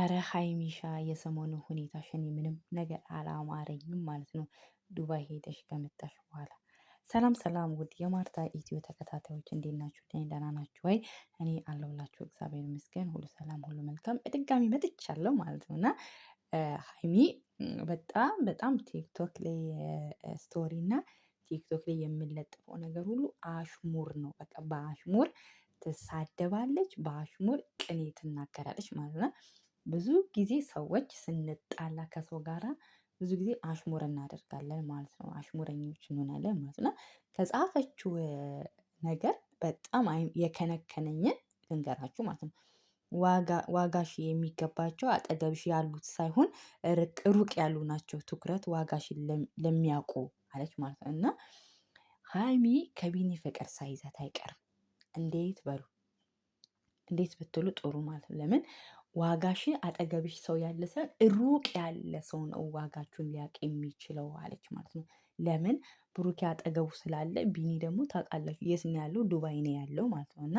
አረ ሀይሚሻ የሰሞኑ ሁኔታ እኔ ምንም ነገር አላማረኝም ማለት ነው። ዱባይ ሄደሽ ከመጣሽ በኋላ ሰላም ሰላም፣ ውድ የማርታ ኢትዮ ተከታታዮች እንዴት ናችሁ? ደህና ናችሁ ወይ? እኔ አለሁላችሁ እግዚአብሔር ይመስገን፣ ሁሉ ሰላም፣ ሁሉ መልካም። በድጋሚ መጥቻለሁ ማለት ነው እና ሀይሚ በጣም በጣም ቲክቶክ ላይ ስቶሪ እና ቲክቶክ ላይ የምንለጥፈው ነገር ሁሉ አሽሙር ነው። በቃ በአሽሙር ትሳደባለች፣ በአሽሙር ቅኔ ትናገራለች ማለት ነው። ብዙ ጊዜ ሰዎች ስንጣላ ከሰው ጋራ ብዙ ጊዜ አሽሙር እናደርጋለን ማለት ነው። አሽሙረኞች እንሆናለን ማለት ነው። ከጻፈችው ነገር በጣም የከነከነኝን ልንገራችሁ ማለት ነው። ዋጋሽ የሚገባቸው አጠገብሽ ያሉት ሳይሆን ሩቅ ያሉ ናቸው። ትኩረት ዋጋሽን ለሚያውቁ አለች ማለት ነው። እና ሀይሚ ከቢኒ ፍቅር ሳይዛት አይቀርም። እንዴት በሉ እንዴት ብትሉ ጥሩ ማለት ነው። ለምን ዋጋሽ አጠገብሽ ሰው ያለ ሰው ሩቅ ያለ ሰው ነው ዋጋችሁን ሊያቅ የሚችለው አለች ማለት ነው። ለምን ብሩኬ አጠገቡ ስላለ ቢኒ ደግሞ ታውቃላችሁ የት ነው ያለው? ዱባይ ነው ያለው ማለት ነው። እና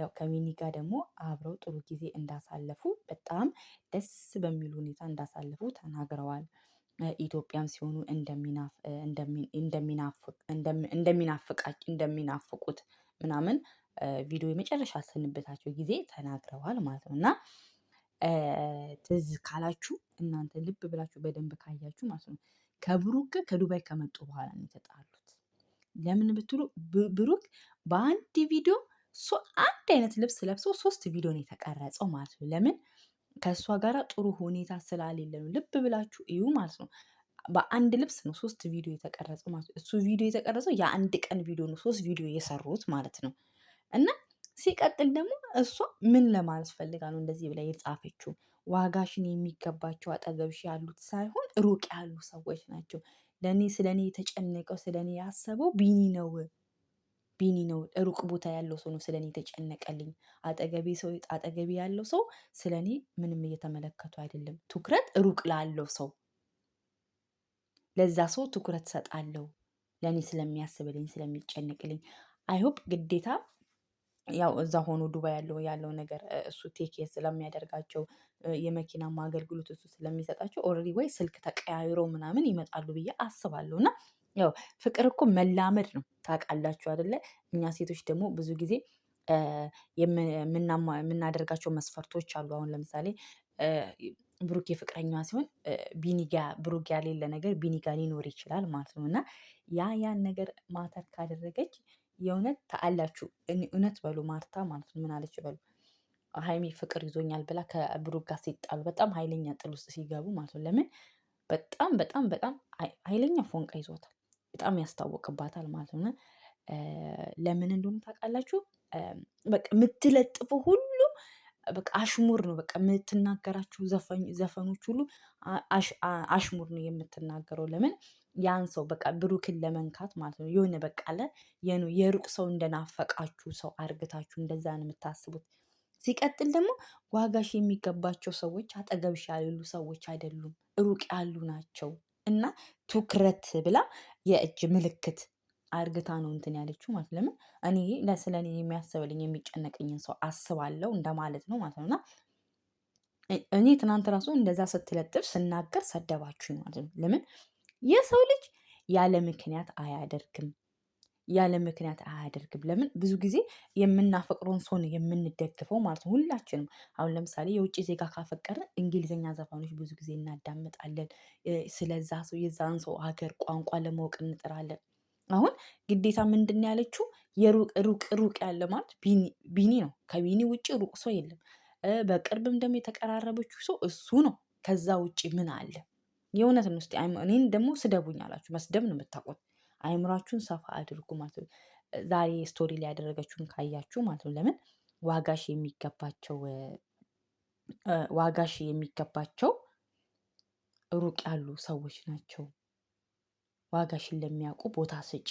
ያው ከቢኒ ጋር ደግሞ አብረው ጥሩ ጊዜ እንዳሳለፉ በጣም ደስ በሚል ሁኔታ እንዳሳለፉ ተናግረዋል። ኢትዮጵያም ሲሆኑ እንደሚናፍቁት ምናምን ቪዲዮ የመጨረሻ ስንበታቸው ጊዜ ተናግረዋል ማለት ነው እና ትዝ ካላችሁ እናንተ ልብ ብላችሁ በደንብ ካያችሁ ማለት ነው ከብሩክ ከዱባይ ከመጡ በኋላ ነው የተጣሉት። ለምን ብትሉ ብሩክ በአንድ ቪዲዮ አንድ አይነት ልብስ ለብሰው ሶስት ቪዲዮ ነው የተቀረጸው ማለት ነው። ለምን ከእሷ ጋር ጥሩ ሁኔታ ስላሌለ ነው። ልብ ብላችሁ እዩ ማለት ነው። በአንድ ልብስ ነው ሶስት ቪዲዮ የተቀረጸው ማለት ነው። እሱ ቪዲዮ የተቀረጸው የአንድ ቀን ቪዲዮ ነው። ሶስት ቪዲዮ የሰሩት ማለት ነው እና ሲቀጥል ደግሞ እሷ ምን ለማለት ፈልጋ ነው እንደዚህ ብላ የጻፈችው? ዋጋሽን የሚገባቸው አጠገብሽ ያሉት ሳይሆን ሩቅ ያሉ ሰዎች ናቸው። ለእኔ ስለ እኔ የተጨነቀው ስለ እኔ ያሰበው ቢኒ ነው ቢኒ ነው። ሩቅ ቦታ ያለው ሰው ነው ስለ እኔ የተጨነቀልኝ። አጠገቤ ሰው አጠገቤ ያለው ሰው ስለ እኔ ምንም እየተመለከቱ አይደለም። ትኩረት ሩቅ ላለው ሰው ለዛ ሰው ትኩረት ሰጣለው፣ ለእኔ ስለሚያስብልኝ ስለሚጨነቅልኝ። አይሆፕ ግዴታ ያው እዛ ሆኖ ዱባይ ያለው ያለው ነገር እሱ ቴክ ስለሚያደርጋቸው የመኪናማ አገልግሎት እሱ ስለሚሰጣቸው ኦልሬዲ ወይ ስልክ ተቀያይሮ ምናምን ይመጣሉ ብዬ አስባለሁ። እና ያው ፍቅር እኮ መላመድ ነው ታውቃላችሁ አይደለ? እኛ ሴቶች ደግሞ ብዙ ጊዜ የምናደርጋቸው መስፈርቶች አሉ። አሁን ለምሳሌ ብሩኬ ፍቅረኛዋ ሲሆን ቢኒጋ ብሩክ ያሌለ ነገር ቢኒጋ ሊኖር ይችላል ማለት ነው። እና ያ ያን ነገር ማተር ካደረገች የእውነት ታአላችሁ እውነት በሉ ማርታ ማለት ነው። ምን አለች በሉ ሀይሚ ፍቅር ይዞኛል ብላ ከብሩክ ጋር ሲጣሉ በጣም ኃይለኛ ጥል ውስጥ ሲገቡ ማለት ነው። ለምን በጣም በጣም በጣም ኃይለኛ ፎንቃ ይዞታል። በጣም ያስታወቅባታል ማለት ነው። ለምን እንደሆነ ታውቃላችሁ? በቃ የምትለጥፉ ሁሉ በቃ አሽሙር ነው። በቃ የምትናገራቸው ዘፈኖች ሁሉ አሽሙር ነው የምትናገረው። ለምን ያን ሰው በቃ ብሩክን ለመንካት ማለት ነው። የሆነ በቃ አለ የሩቅ ሰው እንደናፈቃችሁ ሰው አርግታችሁ እንደዛ ነው የምታስቡት። ሲቀጥል ደግሞ ዋጋሽ የሚገባቸው ሰዎች አጠገብሽ ያሉ ሰዎች አይደሉም፣ ሩቅ ያሉ ናቸው እና ትኩረት ብላ የእጅ ምልክት አርግታ ነው እንትን ያለችው ማለት ለምን እኔ ለስለ እኔ የሚያስብልኝ የሚጨነቀኝን ሰው አስባለሁ እንደማለት ነው ማለት ነውና እኔ ትናንት ራሱ እንደዛ ስትለጥፍ ስናገር ሰደባችሁኝ ማለት ነው። ለምን የሰው ልጅ ያለ ምክንያት አያደርግም ያለ ምክንያት አያደርግም። ለምን ብዙ ጊዜ የምናፈቅረውን ሰው ነው የምንደግፈው ማለት ነው። ሁላችንም አሁን ለምሳሌ የውጭ ዜጋ ካፈቀርን እንግሊዝኛ ዘፋኖች ብዙ ጊዜ እናዳምጣለን። ስለዛ ሰው የዛን ሰው ሀገር ቋንቋ ለማወቅ እንጥራለን። አሁን ግዴታ ምንድን ያለችው የሩቅ ሩቅ ያለ ማለት ቢኒ ነው። ከቢኒ ውጭ ሩቅ ሰው የለም። በቅርብም ደግሞ የተቀራረበችው ሰው እሱ ነው። ከዛ ውጭ ምን አለ? የእውነት ውስጥ እኔን ደግሞ ስደቡኝ አላችሁ። መስደብ ነው የምታውቁት። አይምራችሁን ሰፋ አድርጉ ማለት ነው። ዛሬ ስቶሪ ላይ ያደረገችውን ካያችሁ ማለት ነው። ለምን ዋጋሽ የሚገባቸው ዋጋሽ የሚገባቸው ሩቅ ያሉ ሰዎች ናቸው። ዋጋሽን ለሚያውቁ ቦታ ስጪ።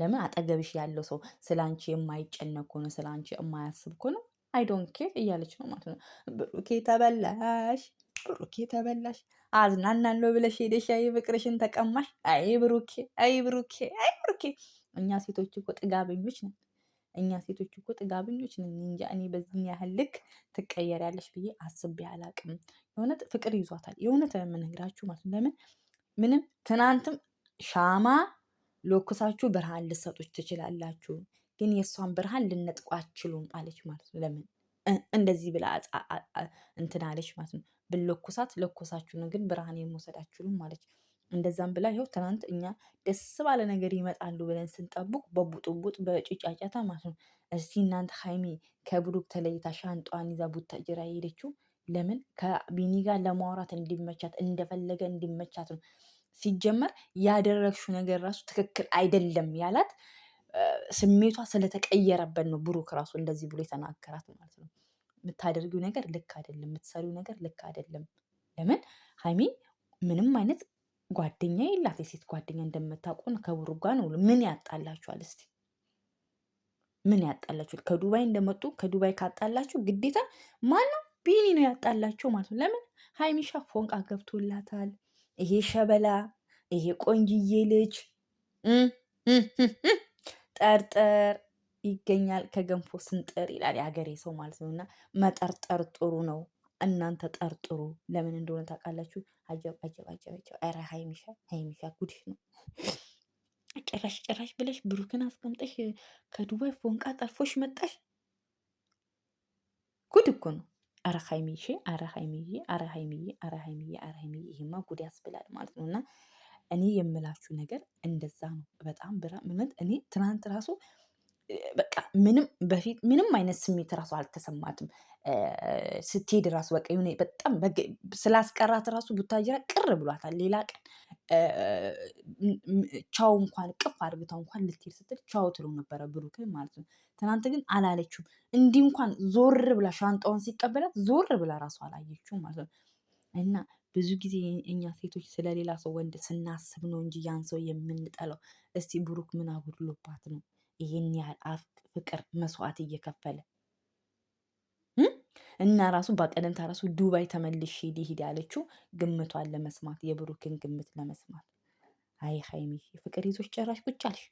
ለምን አጠገብሽ ያለው ሰው ስለ አንቺ የማይጨነቅ ከሆነ ስለ አንቺ የማያስብ ከሆነ አይዶን ኬር እያለች ነው ማለት ነው። ብሩኬ ተበላሽ፣ ብሩኬ ተበላሽ፣ አዝናናለሁ ብለሽ ሄደሽ አይ ፍቅርሽን ተቀማሽ። አይ ብሩኬ፣ አይ ብሩኬ፣ አይ ብሩኬ። እኛ ሴቶች እኮ ጥጋበኞች ነን። እኛ ሴቶች እኮ ጥጋበኞች ነን። እንጃ እኔ በዚህን ያህል ልክ ትቀየሪያለሽ ብዬ አስቤ አላቅም። የእውነት ፍቅር ይዟታል። የእውነት የምነግራችሁ ማለት ለምን ምንም ትናንትም ሻማ ለኩሳችሁ ብርሃን ልሰጡች ትችላላችሁ፣ ግን የእሷን ብርሃን ልነጥቁ አችሉም አለች ማለት ነው። ለምን እንደዚህ ብላ እንትን አለች ማለት ነው። ብለኩሳት ለኮሳችሁ ነው፣ ግን ብርሃን የመውሰድ አትችሉም ማለች። እንደዛም ብላ ይኸው ትናንት እኛ ደስ ባለ ነገር ይመጣሉ ብለን ስንጠብቅ በቡጥቡጥ በጭጫጫታ ማለት ነው። እስቲ እናንተ ሀይሚ ከብሩክ ተለይታ ሻንጧን ይዛ ቡታጅራ የሄደችው ለምን? ከቢኒ ጋር ለማውራት እንዲመቻት እንደፈለገ እንዲመቻት ነው። ሲጀመር ያደረግሽው ነገር ራሱ ትክክል አይደለም ያላት ስሜቷ ስለተቀየረበት ነው። ብሩክ ራሱ እንደዚህ ብሎ የተናገራት ማለት ነው። የምታደርጊው ነገር ልክ አይደለም፣ የምትሰሪው ነገር ልክ አይደለም። ለምን ሀይሚ ምንም አይነት ጓደኛ የላት የሴት ጓደኛ እንደምታውቁን ከብሩክ ጋር ነው። ምን ያጣላችኋል? እስቲ ምን ያጣላችኋል? ከዱባይ እንደመጡ ከዱባይ ካጣላችሁ ግዴታ ማነው ቢኒ ነው ያጣላቸው ማለት ነው። ለምን ሀይሚሻ ፎንቃ ገብቶላታል። ይሄ ሸበላ ይሄ ቆንጅዬ ልጅ ጠርጠር ይገኛል ከገንፎ ስንጥር ይላል የሀገሬ ሰው ማለት ነው። እና መጠርጠር ጥሩ ነው። እናንተ ጠርጥሩ። ለምን እንደሆነ ታውቃላችሁ? አጀብ አጀብ አጀብ አጀብ! ኧረ ሀይሚሻ ሀይሚሻ ጉድሽ ነው። ጭራሽ ጭራሽ ብለሽ ብሩክን አስቀምጠሽ ከዱባይ ፎንቃ ጠርፎሽ መጣሽ። ጉድ እኮ ነው። አረ ሀይሚዬ፣ እሺ፣ አረ ሀይሚዬ፣ አረ ሀይሚዬ፣ አረ ሀይሚዬ፣ አረ ሀይሚዬ፣ ይሄማ ጉድ ያስብላል ማለት ነው። እና እኔ የምላችሁ ነገር እንደዛ ነው። በጣም ብራ እኔ ትናንት ራሱ በቃ ምንም በፊት ምንም አይነት ስሜት ራሱ አልተሰማትም። ስትሄድ ራሱ በቃ በጣም ስላስቀራት ራሱ ቡታጅራ ቅር ብሏታል። ሌላ ቀን ቻው እንኳን ቅፍ አድርግታው እንኳን ልትሄድ ስትል ቻው ትሎ ነበረ ብሩክ ማለት ነው። ትናንት ግን አላለችውም። እንዲህ እንኳን ዞር ብላ ሻንጣውን ሲቀበላት ዞር ብላ ራሱ አላየችውም ማለት ነው። እና ብዙ ጊዜ እኛ ሴቶች ስለሌላ ሰው ወንድ ስናስብ ነው እንጂ ያን ሰው የምንጠላው። እስቲ ብሩክ ምን አጉድሎባት ነው? ይህን ያህል ፍቅር መስዋዕት እየከፈለ እና ራሱ በቀደምታ ራሱ ዱባይ ተመልሼ ሊሄድ ያለችው ግምቷን ለመስማት የብሩክን ግምት ለመስማት። አይ ሀይሚ ፍቅር ይዞች ጭራሽ ቁጭ አልሽ።